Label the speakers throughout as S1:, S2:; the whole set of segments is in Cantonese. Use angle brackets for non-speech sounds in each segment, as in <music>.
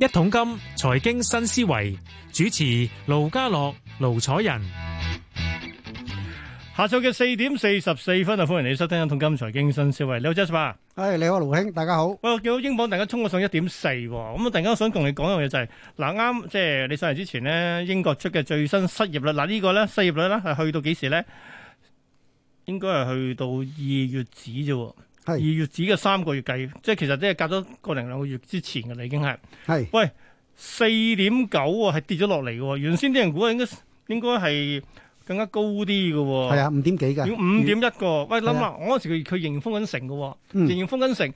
S1: 一桶金財經新思維，主持盧家樂、盧楚仁，下晝嘅四點四十四分啊，歡迎你收聽一桶金財經新思維。你好，just 爸，係你好，盧兄，大家好。哇，見到英鎊，大家衝咗上一點四，咁啊，突然間我想同你講一樣嘢就係，嗱，啱即係你上嚟之前咧，英國出嘅最新失業率，嗱呢個咧，失業率咧係去到幾時咧？應該係去到二月止啫。二是月指嘅三個月計，即係其實即係隔咗個零兩個月之前嘅啦，已經係。係是。喂，四點九喎，係跌咗落嚟嘅喎。原先啲人估應該應該係更加高啲嘅喎。係啊，
S2: 五點幾嘅。要五點
S1: 一個。月喂，諗下，啊、我嗰時佢佢迎風緊成仍封緊城嘅喎，仍封緊城。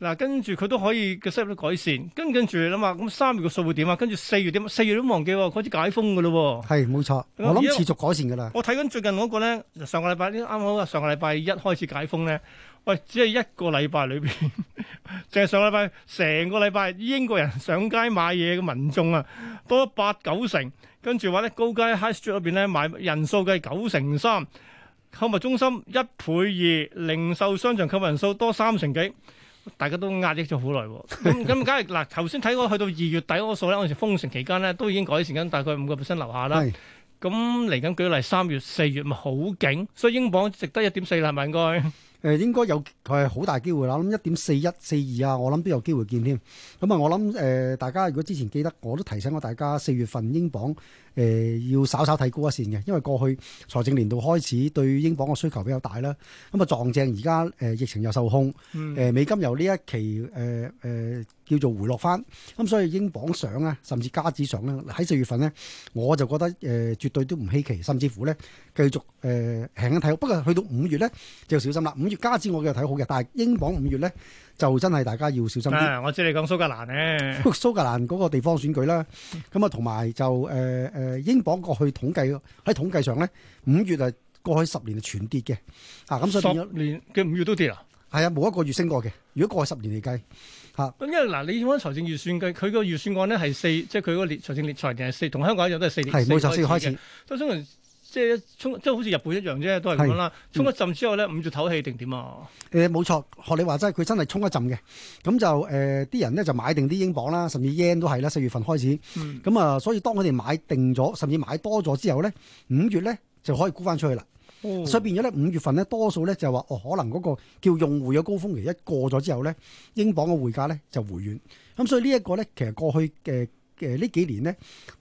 S1: 嗱，嗯、跟住佢都可以嘅收入都改善，跟跟住諗下，咁三月嘅數會點啊？跟住四月點？四月都忘記喎，開始解封嘅啦喎。係，冇錯。嗯、我諗持續
S2: 改善嘅啦。我
S1: 睇緊最近嗰個咧，上個禮拜啱好啊，上個禮拜一開始解封咧。喂，只係一個禮拜裏邊，淨係上禮拜成個禮拜，英國人上街買嘢嘅民眾啊，多咗八九成。跟住話咧，高街 High Street 裏邊咧買人數計九成三，購物中心一倍二，零售商場購物人數多三成幾。大家都壓抑咗好耐，咁咁梗係嗱。頭先睇過去到二月底嗰個數咧，嗰陣時封城期間咧，都已經改善緊，大概五個 percent 樓下啦。咁嚟緊舉例，三月四月咪好勁，所以英鎊值得一點四啦，係咪應該？誒
S2: 應該有係好大機會啦，2, 我諗一點四一四二啊，我諗都有機會見添。咁啊，我諗誒大家如果之前記得，我都提醒過大家四月份英鎊誒、呃、要稍稍睇高一線嘅，因為過去財政年度開始對英鎊嘅需求比較大啦。咁啊，撞正而家誒疫情又受控，誒、嗯呃、美金由呢一期誒誒。呃呃叫做回落翻，咁所以英鎊上咧，甚至加紙上咧，喺四月份咧，我就覺得誒、呃、絕對都唔稀奇，甚至乎咧繼續誒輕輕睇好。不過去到五月咧就要小心啦。五月加紙我嘅睇好嘅，但係英鎊五月咧就真係大家要小心啲、啊。
S1: 我知你講蘇格蘭咧、啊，
S2: 蘇格蘭嗰個地方選舉啦，咁啊同埋就誒誒、呃、英鎊過去統計喺統計上咧，五月啊過去年啊十年係全跌嘅啊，咁所以當
S1: 年嘅五月
S2: 都跌啊，係啊，冇一個月升過嘅。如果過去十年嚟計。嚇，
S1: 咁、啊、因為嗱、啊，你講財政預算嘅，佢個預算案咧係四，即係佢個列財政列財定係四，同香港一樣都係四列四開始都沖完即係衝，即係好似日本一樣啫，都係咁啦。衝是一陣之後咧，五月唞氣定點啊？
S2: 誒，冇、嗯嗯、錯，學你話齋，佢真係衝一陣嘅，咁就誒啲、呃、人咧就買定啲英鎊啦，甚至 yen 都係啦，四月份開始。咁啊、嗯嗯，所以當佢哋買定咗，甚至買多咗之後咧，五月咧就可以沽翻出去啦。Oh. 所以變咗咧，五月份咧多數咧就話，哦，可能嗰個叫用戶嘅高峰期一過咗之後咧，英鎊嘅匯價咧就回軟。咁所以呢一個咧，其實過去嘅。誒，呢幾年咧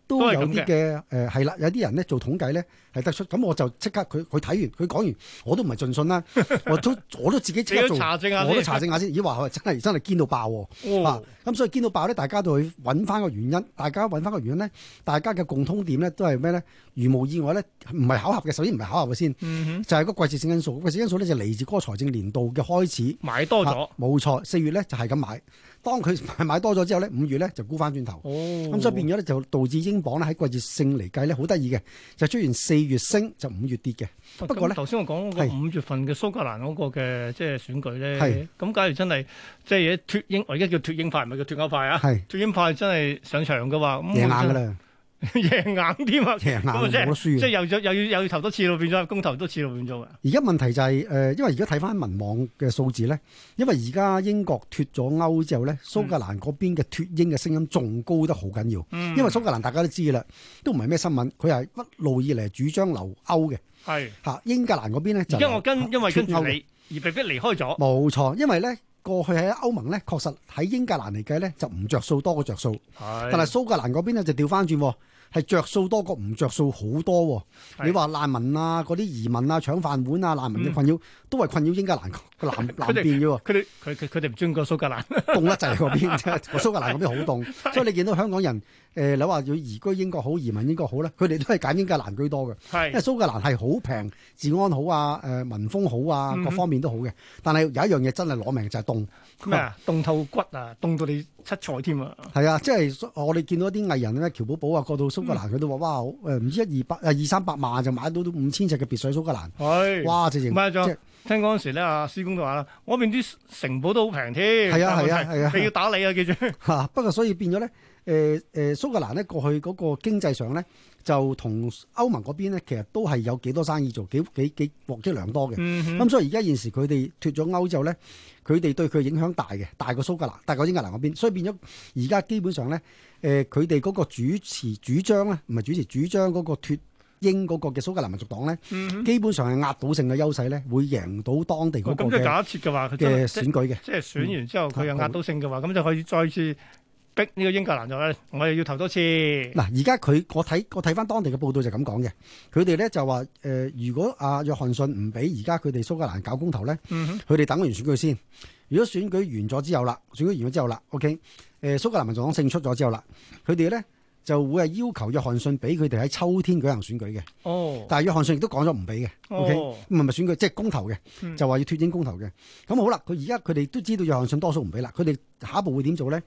S2: 都有啲嘅，誒係啦，有啲人咧做統計咧係得出，咁我就即刻佢佢睇完，佢講完，我都唔係盡信啦， <laughs> 我都我都自己即刻做查證下。 <laughs> 我都查證下先，咦話佢真係真係堅到爆，啊，咁、哦啊、所以堅到爆咧，大家都去搵翻個原因，大家搵翻個原因咧，大家嘅共通點咧都係咩咧？如無意外咧，唔係巧合嘅，首先唔係巧合嘅先，嗯、哼就係個季節性因素，季節性因素咧就嚟自嗰個財政年度嘅開始，買多咗，冇錯、啊，四月咧就係咁買。當佢買多咗之後咧，五月咧就沽翻轉頭，
S1: 咁所以變咗
S2: 咧就導致英鎊咧喺季節性嚟計咧好得意嘅，就出現四月升就五月跌嘅。
S1: 不過咧，頭先我講嗰個五月份嘅蘇格蘭嗰個嘅即係選舉咧，咁是假如真係即係脱英，而家叫脱英派，唔係叫脱歐派啊，脱是英派真係上場嘅話，咁硬㗎啦。贏硬添啊！贏硬即係又再又要又要投多次咯，變咗公投都似到咯，變咗
S2: 啊！而家問題就係、是、誒、呃，因為而家睇翻民望嘅數字咧，因為而家英國脱咗歐之後咧，蘇格蘭嗰邊嘅脱英嘅聲音仲高得好緊要。嗯、因為蘇格蘭大家都知噶啦，都唔係咩新聞，佢係一路以嚟主張留歐嘅。係吓是，英格蘭嗰邊咧，就因為跟因為跟住你
S1: 而被迫離開咗。
S2: 冇錯，因為咧。過去喺歐盟呢，確實喺英格蘭嚟計呢，就唔着數多過着數，是但係蘇格蘭嗰邊呢就掉返轉。係着數多過唔着數好多喎、哦！是你話難民啊、嗰啲移民啊、搶飯碗啊、難民嘅困擾，嗯、都係困擾英格蘭南們南邊嘅喎。
S1: 佢哋佢佢哋唔中意個蘇格蘭，凍
S2: 甩滯嗰邊，個蘇格蘭嗰 <laughs> 邊好凍。所以你見到香港人誒、呃，你話要移居英國好，移民英國好咧，佢哋都係揀英格蘭居多嘅。係是，因為蘇格蘭係好平，治安好啊，誒、呃，民風，風好啊，各方面都好嘅。嗯、但係有一樣嘢真係攞命就係凍咩啊？
S1: 凍麼透骨啊！凍到你～
S2: 七彩添啊！係啊，即係我哋見到啲藝人咧，喬寶寶啊過到蘇格蘭，佢、嗯、都話：哇，誒唔知一二百誒二三百萬就買到五千尺嘅別墅蘇格蘭。
S1: 係是，哇！直情唔係仲聽嗰陣時咧，阿師公都話啦，嗰邊啲城堡都好平添。係啊係啊係啊，你、啊啊啊啊、要打理啊，記住。 <laughs> <laughs> 不過所以
S2: 變咗咧。誒誒，蘇、呃、格蘭咧過去嗰個經濟上咧，就同歐盟嗰邊咧，其實都係有幾多生意做，幾幾幾獲益良多嘅。咁、嗯哼嗯、所以而家現時佢哋脫咗歐之後咧，佢哋對佢影響大嘅，大過蘇格蘭，大過英格蘭嗰邊。所以變咗而家基本上咧，誒、呃，佢哋嗰個主持主張咧，唔係主持主張嗰個脫英嗰個嘅蘇格蘭民族黨咧，嗯、哼基本上係壓倒性嘅優勢咧，會贏到當地嗰個嘅假設嘅話佢嘅選舉嘅，即係
S1: 選完之後佢有壓倒性嘅話，咁、呃、就可以再次。逼呢個英格蘭就咧，我又要投多次。
S2: 嗱，而家佢我睇我睇翻當地嘅報道就咁講嘅，佢哋咧就話誒、呃，如果阿、啊、約翰遜唔俾而家佢哋蘇格蘭搞公投咧，佢哋、嗯、哼等完選舉先。如果選舉完咗之後啦，選舉完咗之後啦，OK，誒、呃，蘇格蘭民族黨勝出咗之後啦，佢哋咧就會係要求約翰遜俾佢哋喺秋天舉行選舉嘅。哦，但係約翰遜亦都講咗唔俾嘅。哦、OK，唔係咪選舉即係公投嘅？就話要脫英公投嘅。咁、嗯嗯、好啦，佢而家佢哋都知道約翰遜多數唔俾啦，佢哋下一步會點做咧？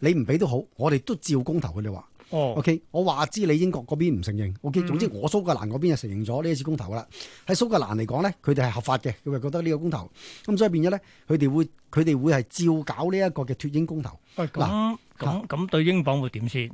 S2: 你唔俾都好，我哋都照公投佢哋話。哦，OK，我話知你英國嗰邊唔承認。OK，、嗯、總之我蘇格蘭嗰邊就承認咗呢次公投噶啦。喺蘇格蘭嚟講咧，佢哋係合法嘅，佢咪覺得呢個公投。咁所以變咗咧，佢哋會佢哋會係照搞呢一個嘅脱英公投。喂、啊，
S1: 咁咁咁對英鎊會點先？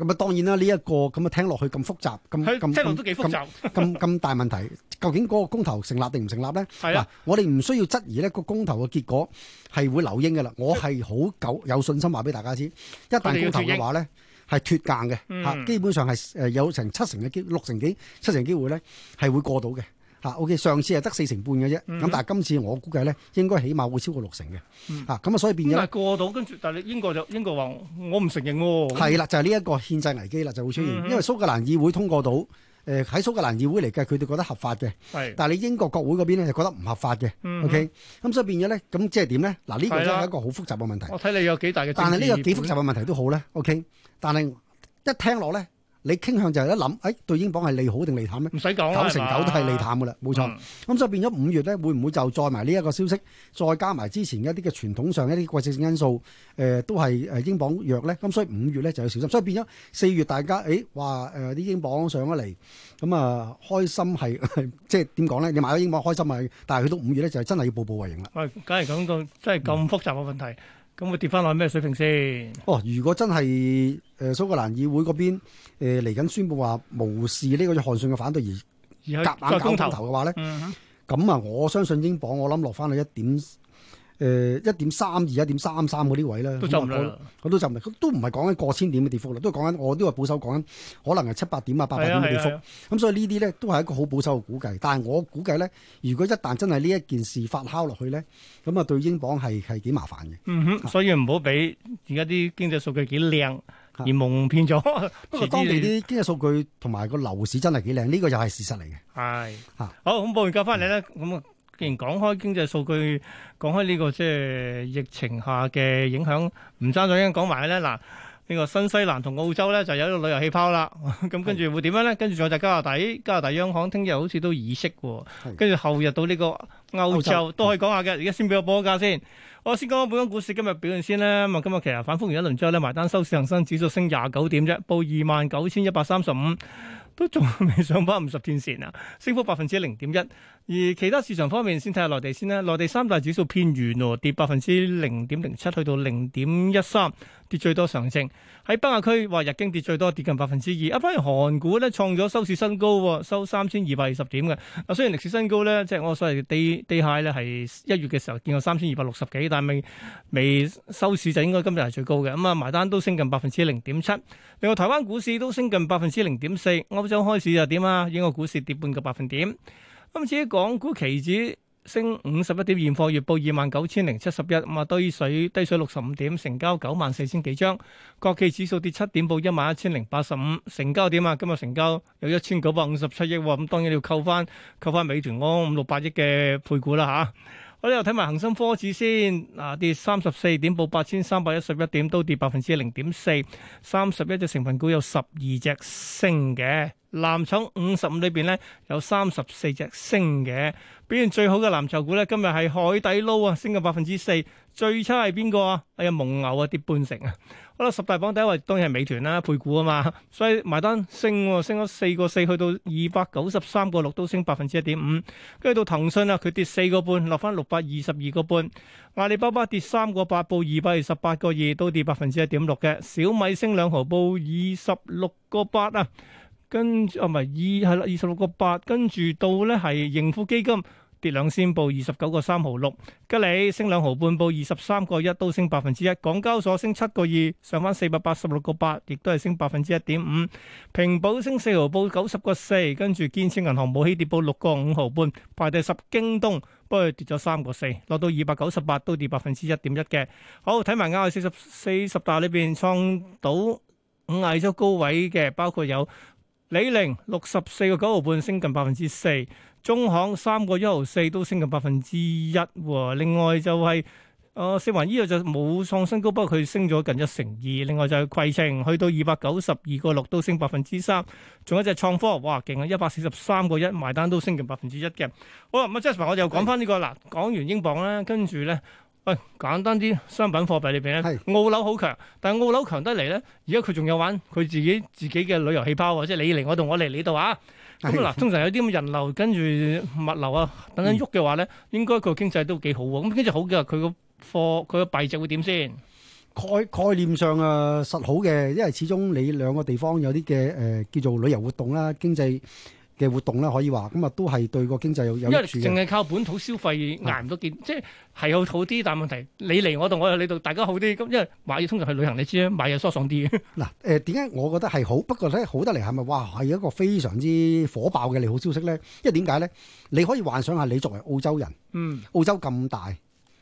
S2: 咁啊，當然啦，呢一個咁啊聽落去咁複雜，咁咁咁咁咁大問題， <laughs> 究竟嗰個公投成立定唔成立咧？嗱， <laughs> 我哋唔需要質疑咧個公投嘅結果係會留英嘅啦。我係好夠有信心話俾大家知，一旦公投嘅話咧，係脫硬嘅嚇，基本上係誒有成七成嘅機，六成幾七成機會咧係會過到嘅。啊，OK，上次係得四成半嘅啫，咁但係今次我估計咧，應該起碼會超過六成嘅。啊、嗯，咁啊，所以變咗
S1: 過到跟住，但係英國就英國話我唔承認喎、啊。係啦、嗯，就
S2: 係呢一個憲制危機啦，就會出現。嗯嗯、因為蘇格蘭議會通過到，誒、呃、喺蘇格蘭議會嚟計，佢哋覺得合法嘅。係，但係你英國國會嗰邊咧就覺得唔合法嘅。OK，咁所以變咗咧，咁即係點咧？嗱、啊，呢個真係一個好複雜嘅問題。我
S1: 睇你有幾大嘅，但係呢個幾複雜
S2: 嘅問題都好咧。OK，但係一聽落咧。你傾向就係一諗，誒對英鎊係利好定利淡
S1: 咧？唔使講啦，九成九都係利淡
S2: 嘅啦，冇錯。咁所以變咗五月咧，會唔會就載埋呢一個消息，再加埋之前一啲嘅傳統上一啲季節性因素，誒都係誒英鎊弱咧？咁所以五月咧就要小心。所以變咗四月大家，誒話誒啲英鎊上咗嚟，咁啊開心係，即係點講咧？你買咗英鎊開心係，但係去到五月咧就真係要步步為營啦。
S1: 喂，梗係咁講，即係咁複雜嘅問題。咁會跌翻落去咩水平先？哦，如果真
S2: 係誒、呃、蘇格蘭議會嗰邊嚟緊、呃、宣佈話無視呢個約翰遜嘅反對而夾硬搞翻頭嘅話咧，咁啊、嗯哼，我相信英鎊我諗落翻去一點。誒一點三二、一點三三嗰啲位咧，都走唔到，我都走唔到，都唔係講緊過千點嘅跌幅啦，都係講緊，我都係保守講緊，可能係七八點啊、八百點嘅跌幅。咁、啊啊、所以呢啲咧都係一個好保守嘅估計。但係我估計咧，如果一旦真係呢一件事發酵落去咧，咁啊對英鎊係係幾麻煩嘅。嗯
S1: 哼，所以唔好俾而家啲經濟數據幾靚、啊、而
S2: 蒙騙咗。不過當地啲經濟數據同埋個樓市真係幾靚，呢、呢個又係事實嚟嘅。
S1: 係的。嚇的，好，咁報完價翻嚟咧，咁既然講開經濟數據，講開呢個即係疫情下嘅影響，唔爭咗已經講埋咧。嗱，呢個新西蘭同澳洲咧就有一個旅遊氣泡啦。咁 <laughs> 跟住會點樣咧？跟住仲有就加拿大，加拿大央行聽日好似都議息喎。的跟住後日到呢個歐洲，歐洲都可以講下嘅。而家先俾我報個價先。我先講翻本港股市今日表現先啦。咁啊，今日其實反覆完一輪之後咧，埋單收市恒生，指數升廿九點啫，報二萬九千一百三十五。.都仲未上返五十天線啊，升幅百分之零點一。而其他市場方面，先睇下內地先啦。內地三大指數偏軟喎，跌百分之零點零七，去到零點一三，跌最多上證。喺北亞區話日經跌最多，跌近百分之二。啊，反而韓股咧創咗收市新高，收三千二百二十點嘅。啊，雖然歷史新高咧，即係我所謂嘅低低 high 咧，係一月嘅時候見過三千二百六十幾，但未未收市就應該今日係最高嘅。咁啊，埋單都升近百分之零點七。另外，台灣股市都升近百分之零點四。早開始就點啊？應該股市跌半個百分點。今次港股期指升五十一點，現貨月報二萬九千零七十一，咁啊，低水低水六十五點，成交九萬四千幾張。國企指數跌七點，報一萬一千零八十五，成交點啊？今日成交有一千九百五十七億。咁當然要扣翻扣翻美團安五六百億嘅配股啦。吓，我哋又睇埋恒生科指先，啊跌三十四點，報八千三百一十一點，都跌百分之零點四。三十一隻成分股有十二隻升嘅。藍籌五十五裏邊咧，有三十四隻升嘅。表現最好嘅藍籌股咧今日係海底撈啊，升個百分之四。最差係邊個啊？哎呀，蒙牛啊跌半成啊。好啦，十大榜第一位當然係美團啦，啊，配股啊嘛，所以埋單升，升咗四個四去到二百九十三個六，都升百分之一點五。跟住到騰訊啊，佢跌四個半，落翻六百二十二個半。阿里巴巴跌三個八，報二百二十八個二，都跌百分之一點六嘅。小米升兩毫報，報二十六個八啊。跟住啊，二十六個八。2, 8, 跟住到咧係盈富基金跌兩仙報二十九個三毫六，吉利升兩毫半報二十三個一，都升百分之一。港交所升七個二，上翻四百八十六個八，亦都係升百分之一點五。平保升四毫報九十個四，跟住建設銀行冇起跌報六個五毫半，排第十。京東不過跌咗三個四，落到二百九十八都跌百分之一點一嘅。好，睇埋啱啱四十四十大裏邊創到五二周高位嘅，包括有。李寧六十四個九毫半升近百分之四，中行三個一毫四都升近百分之一。另外就係、是、啊，四環呢度就冇創新高，不過佢升咗近一成二。另外就係攜程去到二百九十二個六都升百分之三，仲有一隻創科哇勁啊，一百四十三個一埋單都升近百分之一嘅。好啦，Mr. James，我就講翻呢個啦，講完英鎊咧，跟住咧。喂、哎，簡單啲，商品貨幣裏邊咧，是澳紐好強，但係澳紐強得嚟咧，而家佢仲有玩佢自己自己嘅旅遊氣泡啊，即係你嚟我度，我嚟你度啊。咁嗱，通常有啲咁嘅人流跟住物流啊等等喐嘅話咧，應該個經濟都幾好喎。咁經濟好嘅，佢個貨佢個幣就會點先？
S2: 概概念上啊，實好嘅，因為始終你兩個地方有啲嘅誒叫做旅遊活動啦、啊，經濟嘅活動咧，可以話咁啊，都係對個經濟有有益處。因為淨係
S1: 靠本土消費捱唔到幾，是即係係有好啲，但問題你嚟我度，我有你度，大家好啲。咁因為買嘢通常去旅行，你知啦，買嘢疏爽啲嘅。
S2: 嗱，誒點解我覺得係好？不過咧，好得嚟係咪？哇，係一個非常之火爆嘅利好消息咧！因為點解咧？你可以幻想下，你作為澳洲人，嗯、澳洲咁大。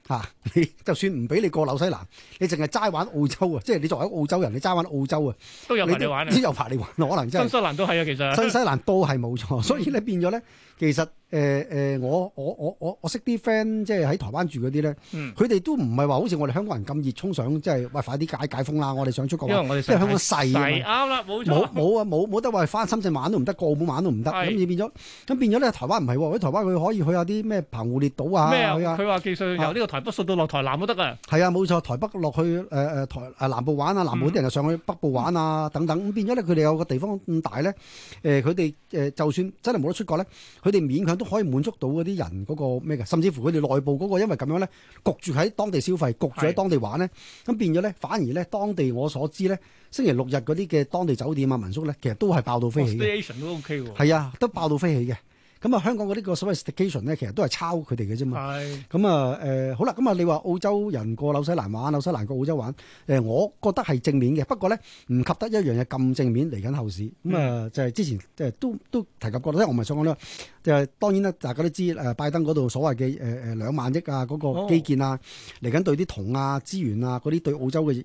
S2: 嚇、啊！你就算唔俾你過紐西蘭，你淨係齋玩澳洲啊！即係你作為一個澳洲人，你齋玩澳洲啊！都有排你玩啊！都有排你玩，可能真係新、啊、新
S1: 西蘭都係啊，其實新西
S2: 蘭都係冇錯，所以咧變咗咧， <laughs> 其實。誒誒、欸欸，我我我我我識啲 friend，即係喺台灣住嗰啲咧，佢哋、嗯、都唔係話好似我哋香港人咁熱衷，想即係，喂快啲解解封啦！我哋想出國，因為我哋即係香港細啊啱啦，冇冇冇啊，冇冇得話翻深圳玩都唔得，過澳門玩都唔得，咁你是變咗，咁變咗咧台灣唔係喎，喺台灣佢可以去下啲咩澎湖列島麼啊，咩啊？佢話記住由
S1: 呢個台北送到落台南都得
S2: 啊，係啊，冇錯，台北落去誒誒、呃、台南部玩啊，南部啲人就上去北部玩啊，嗯、等等咁變咗咧，佢哋有個地方咁大咧，誒佢哋誒就算真係冇得出國咧，佢哋勉強。都可以滿足到嗰啲人嗰個咩嘅，甚至乎佢哋內部嗰、那個，因為咁樣咧，焗住喺當地消費，焗住喺當地玩咧，咁是的 變咗咧，反而咧當地我所知咧，星期六日嗰啲嘅當地酒店啊、民宿咧，其實都係爆到飛起
S1: 嘅。都、哦、OK 喎，係啊，
S2: 都爆到飛起嘅。咁啊，香港嗰啲個所謂 station 咧，其實都係抄佢哋嘅啫嘛。係咁啊，誒好啦，咁啊，你話澳洲人過紐西蘭玩，紐西蘭過澳洲玩，誒，我覺得係正面嘅。不過咧，唔及得一樣嘢咁正面嚟緊後市咁啊，就係之前即係都都提及過啦。因為我咪想講啦，就係當然啦，大家都知誒拜登嗰度所謂嘅誒誒兩萬億啊，嗰個基建啊，嚟緊對啲銅啊資源啊嗰啲對澳洲嘅誒誒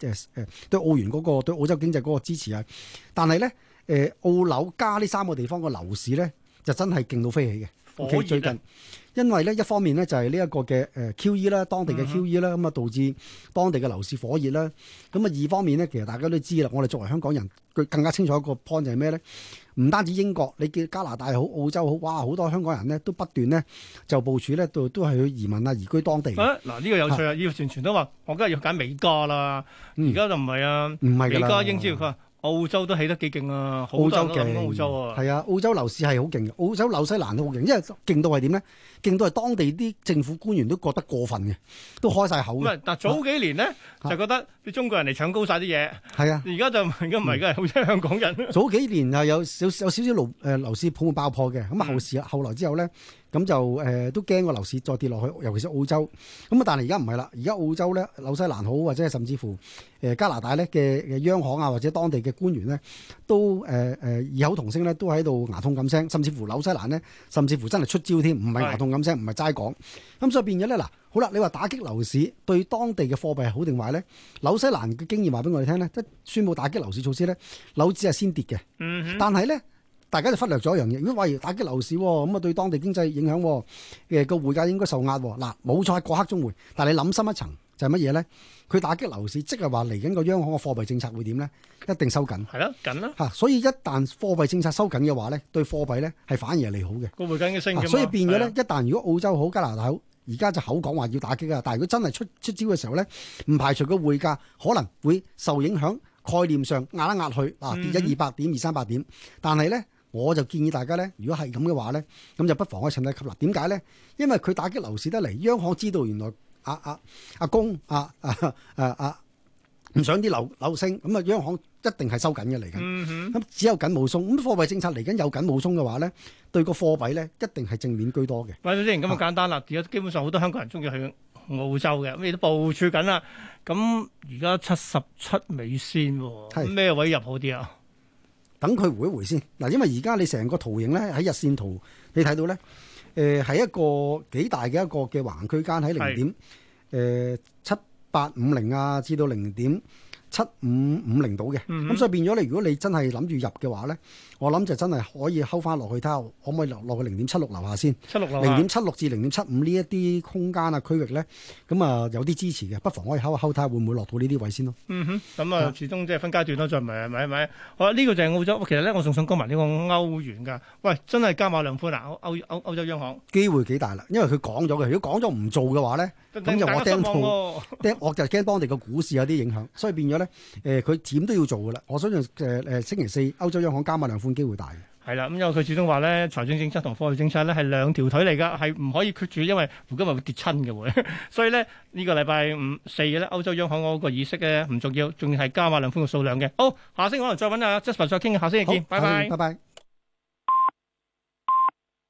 S2: 誒誒對澳元嗰個對澳洲經濟嗰個支持啊。但係咧，誒澳紐加呢三個地方嘅樓市咧。就真係勁到飛起嘅，最近，因為咧一方面咧就係呢一個嘅誒 QE 啦，當地嘅 QE 啦，咁啊導致當地嘅樓市火熱啦。咁啊二方面咧，其實大家都知啦，我哋作為香港人，佢更加清楚一個 point 就係咩咧？唔單止英國，你見加拿大好、澳洲好，哇！好多香港人咧都不斷咧就部署咧到都係去移民啊、移居
S1: 當地。嗱、啊，呢、啊呢個有趣啊！呢個傳傳都話我梗係要揀美加啦，而家、嗯、就唔係啊，美加英超澳洲都起得幾勁啊！澳洲勁，澳洲啊，係
S2: 啊，澳洲樓市係好勁嘅，澳洲紐西蘭都好勁，因為勁到係點咧？勁到係當地啲政府官員都覺得過分嘅，
S1: 都開晒口嘅。唔係，但早幾年咧、啊、就覺得啲中國人嚟搶高晒啲嘢，係啊的，而家就而家唔係，而家係好憎香港人。早
S2: 幾年係有少少有少少樓誒樓市泡沫爆破嘅，咁啊後時後來之後咧。咁就誒、呃、都驚個樓市再跌落去，尤其是澳洲。咁啊，但係而家唔係啦，而家澳洲咧、紐西蘭好，或者係甚至乎誒、呃、加拿大咧嘅嘅央行啊，或者當地嘅官員咧，都誒誒異口同聲咧，都喺度牙痛咁聲，甚至乎紐西蘭咧，甚至乎真係出招添，唔係牙痛咁聲，唔係齋講。咁是所以變咗咧，嗱，好啦，你話打擊樓市對當地嘅貨幣係好定壞咧？紐西蘭嘅經驗話俾我哋聽咧，即係宣布打擊樓市措施咧，樓指係先跌嘅，嗯、mm，hmm. 但係咧。大家就忽略咗一樣嘢，如果話要打擊樓市咁啊，對當地經濟影響，誒個匯價應該受壓。嗱，冇錯係過黑中匯，但係你諗深一層就係乜嘢咧？佢打擊樓市，即係話嚟緊個央行嘅貨幣政策會點咧？一定收緊，係啦，緊啦嚇。所以一旦貨幣政策收緊嘅話咧，對貨幣咧係反而係利好嘅，貨
S1: 幣緊嘅升。所以變咗咧，
S2: 一旦如果澳洲好、加拿大好，而家就口講話要打擊啊，但係如果真係出出招嘅時候咧，唔排除個匯價可能會受影響，概念上壓一壓去，啊，跌一二百點、二三百點，但係咧。我就建議大家咧，如果係咁嘅話咧，咁就不妨可以趁低吸啦。點解咧？因為佢打擊樓市得嚟，央行知道原來阿阿阿公阿阿阿阿唔想啲樓樓升，咁啊央行一定係收緊嘅嚟嘅。咁、嗯、哼只有緊冇鬆，咁貨幣政策嚟緊有緊冇鬆嘅話咧，對個貨幣咧一定係正面居多嘅。
S1: 反正之前咁簡單啦，而家基本上好多香港人鍾意去澳洲嘅，亦都部署緊啦。咁而家七十七美仙，咩位入好啲啊？
S2: 等佢回一回先。嗱，因為而家你成個圖形咧，喺日線圖你睇到咧，誒係、嗯呃、一個幾大嘅一個嘅橫區間喺零點，誒是的、呃、七八五零啊，至到零點，七五五零度嘅，咁、mm hmm. 嗯、所以變咗你，如果你真係諗住入嘅話咧，我諗就真係可以 hold 翻落去睇下，看看可唔可以落落去零點七六樓下先？
S1: 七六零點七
S2: 六至零點七五呢一啲空間啊區域咧，咁啊有啲支持嘅，不妨可以 hold hold 睇下會唔會落到呢啲位先咯。
S1: Mm hmm. 嗯哼，咁啊，始終即係分階段咯，再唔係唔係好啦，呢、這個就係澳洲，其實咧我仲想講埋呢個歐元㗎。喂，真係加碼量寬啊！歐歐，歐洲央行
S2: 機會幾大啦？因為佢講咗嘅，如果講咗唔做嘅話咧，
S1: 咁就我掟貨
S2: <laughs> 我就驚當地個股市有啲影響，所以變咗。咧，誒佢點都要做噶啦！我相信誒誒星期四歐洲央行加碼量寬機會大嘅，
S1: 係啦。咁因為佢始終話咧，財政政策同貨幣政策咧係兩條腿嚟噶，係唔可以決住，因為胡今日會跌親嘅喎。 <laughs> 所以咧，呢、呢個禮拜五四咧，歐洲央行嗰個意識咧唔重要，仲要係加碼量寬嘅數量嘅。好，下星期可能再揾阿 Justin 再傾，下星期見，好拜拜，拜拜。拜拜。